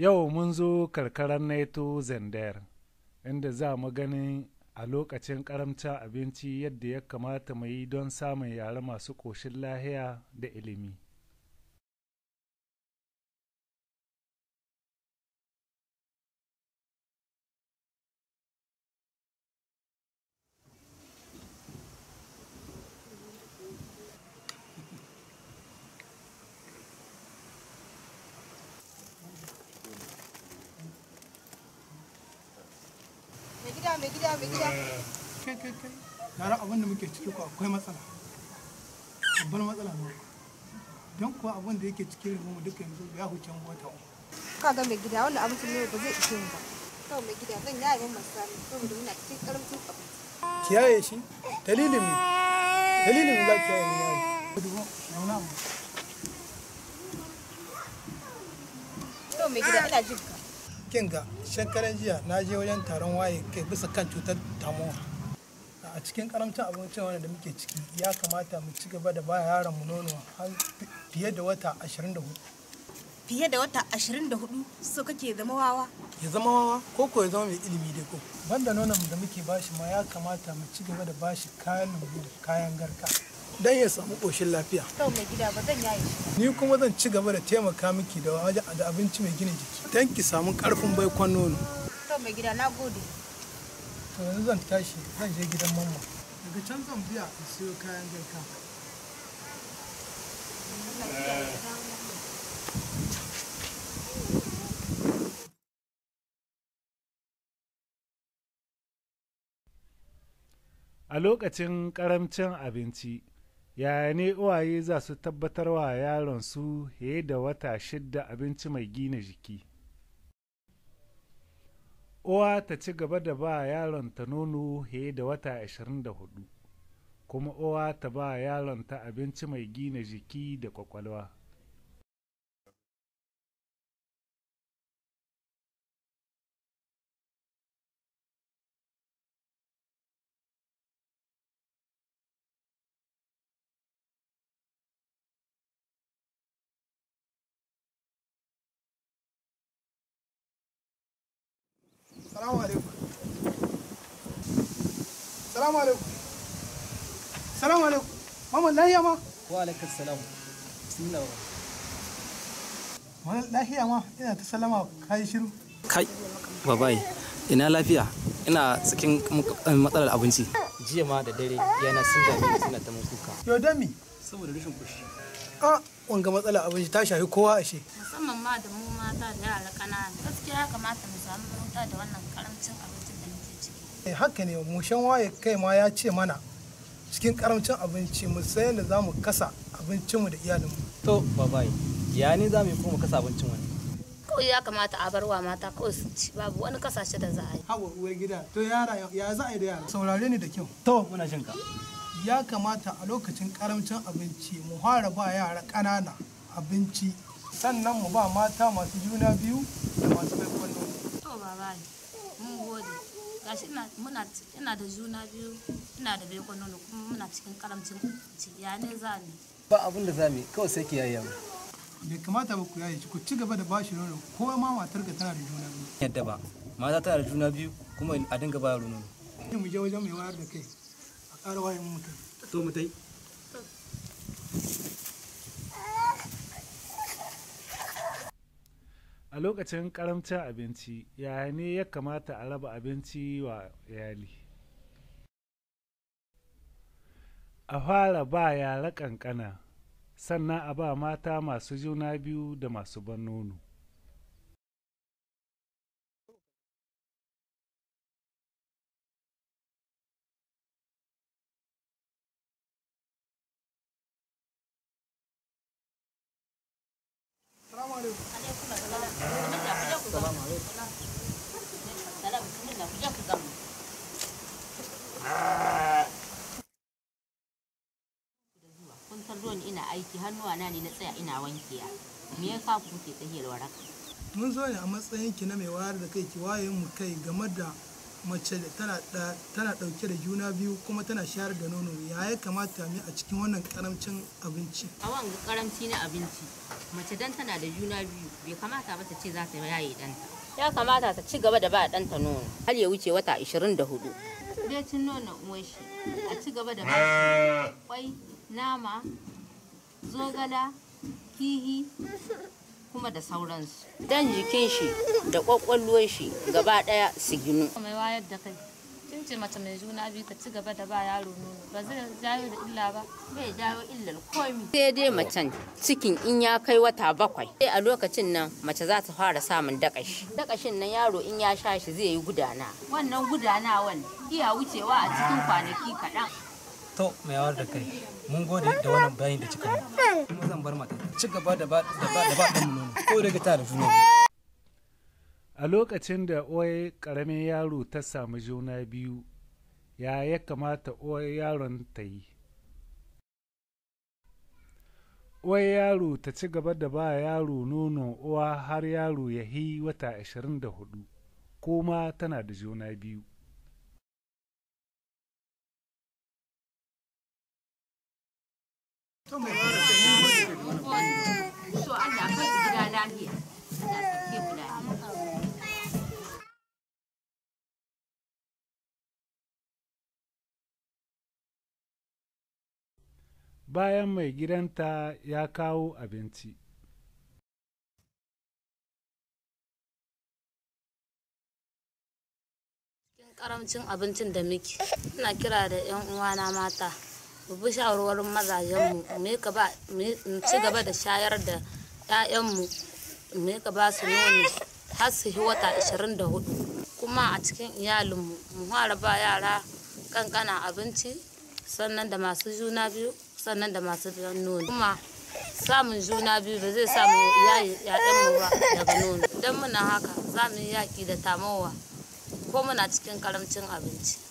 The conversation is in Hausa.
Yau mun zo karkarar Neto Zender, inda za mu ganin a lokacin karamta abinci yadda ya kamata mu yi don samun yare masu ƙoshin lahiya da ilimi. mai gida mai gida kai kai kai yara abin da muke ciki ko akwai matsala babbar matsala ne don kuwa abin da yake cikin rimu mu duka yanzu ya huce mu wata ka ga mai gida wannan abincin ne ba zai ishe mu ba kawai mai gida zan yaye mun masani saboda muna cikin karamcin abinci kiyaye shi dalilin mu dalilin mu za ki yaye yaye dubu nauna mu to mai gida ina jin ka kin ga shekaran jiya na je wajen taron waye kai bisa kan cutar tamowa. a cikin karamcin abincin wanda da muke ciki ya kamata mu ci gaba da baya yaron mu nono har fiye da wata 24 fiye da wata 24 so kake zama wawa ya zama wawa ko ko ya zama mai ilimi dai ko banda nonon da muke bashi ma ya kamata mu ci gaba da bashi kayan lambu kayan garka don ya samu ƙoshin lafiya. Ni kuma zan ci gaba da taimaka miki da wajen da abinci mai gina jiki. Don ki samu ƙarfin baikon nono. To mai gida na gode. To yanzu zan tashi zan je gidan mamma. Daga can zan biya in siyo kayan girka. A lokacin karamcin abinci, yaya ne uwaye za su tabbatar wa yaron su ya da wata shidda abinci mai gina jiki uwa ta ci gaba da ba yaron ta nono ya da wata 24 kuma uwa ta ba yaron ta abinci mai gina jiki da kwakwalwa Salamu alaikum. Salamu alaikum. Salamu alaikum. Mamman lahiya ma? Wa alaikum salam. Bismillah. Maman lahiya ma ina ta salama kai shiru. Kai Babayi, ina lafiya ina cikin matsalar abinci. Jiya ma da dare yana sun dame suna ta mun kuka. Yo dami. Saboda rashin kushi. Ah wanga matsala abin ta shafi kowa a shi musamman ma da mu mata da yara kanana gaskiya ya kamata mu samu mota da wannan karamcin abincin da muke ciki eh, haka ne mushan waye kai ma ya ce mana cikin karamcin abinci mu sayan da zamu kasa abincinmu da iyalinmu to babai ya ne za mu yi kuma kasa abincin wani kawai ya kamata a barwa mata kawai su ci babu wani kasashe da za a yi hawa uwar gida to yara ya za a yi da yara saurare ni da kyau to muna jin ka ya kamata a lokacin karamcin abinci mu fara ba yara ƙanana abinci sannan mu ba mata masu juna biyu da masu bai kwallo. To baba mun gode. Gashi muna ina da juna biyu ina da bai kwallo kuma muna cikin karamcin abinci ya ne za ni. Ba abin da za mu kawai sai ki yayya mu. Bai kamata ba ku yaye ku ci gaba da bashi nono ko ma matar ka tana da juna biyu. Yadda ba mata tana da juna biyu kuma a dinga ba nono. Mu je wajen mai wayar da kai. a lokacin karamcin abinci yaya ne ya kamata a raba abinci wa iyali a fara ba yara kankana sannan a ba mata masu juna biyu da masu ban nono aiki na ne na tsaya ina wankiya me ya sa ke tsahiyar waraka mun so ne a matsayin ki na mai wayar da kai ki waye mu kai game da mace tana tana dauke da juna biyu kuma tana shayar da nono ya ya kamata mu a cikin wannan karamcin abinci a wanga karamci na abinci mace dan tana da juna biyu bai kamata ba ta ce za ta yaye danta ya kamata ta ci gaba da ba danta nono har ya wuce wata 24 cin nono uwan shi a ci gaba da ba shi ah. kwai nama zogala kihi kuma da sauransu dan jikin shi da kwakwalwar shi gaba daya su ginu mai wayar da kai tun ce mace mai juna biyu ta ci gaba da ba yaro nono ba zai jawo da illa ba bai jawo illar komi sai dai macen cikin in ya kai wata bakwai sai a lokacin nan mace za ta fara samun dakashi dakashin nan yaro in ya sha shi zai yi gudana wannan gudanawan iya wucewa a cikin kwanaki kaɗan to mai yawar da kai mun gode da wannan bayani da cika yi zan bar mata ci gaba da ba da ba da ba nono ko da ta da juna a lokacin da oye karamin yaro ta samu juna biyu ya ya kamata oye yaron ta yi Wai yaro ta ci gaba da ba yaro nono uwa har yaro ya hi wata 24 ko ma tana da juna biyu bayan mai gidanta ya kawo abinci. Karamcin abincin da muke, ina kira da 'yan uwana mata. mu bi shawarwarin mazajenmu mu ci gaba da shayar da 'ya'yanmu mu ka ba su nono har su yi wata 24 kuma a cikin iyalinmu mu fara ba yara kankana abinci sannan da masu juna biyu sannan da masu nono kuma samun juna biyu ba zai samu yayanmu ba daga nono don muna haka za mu yi yaƙi da tamowa ko muna cikin karamcin abinci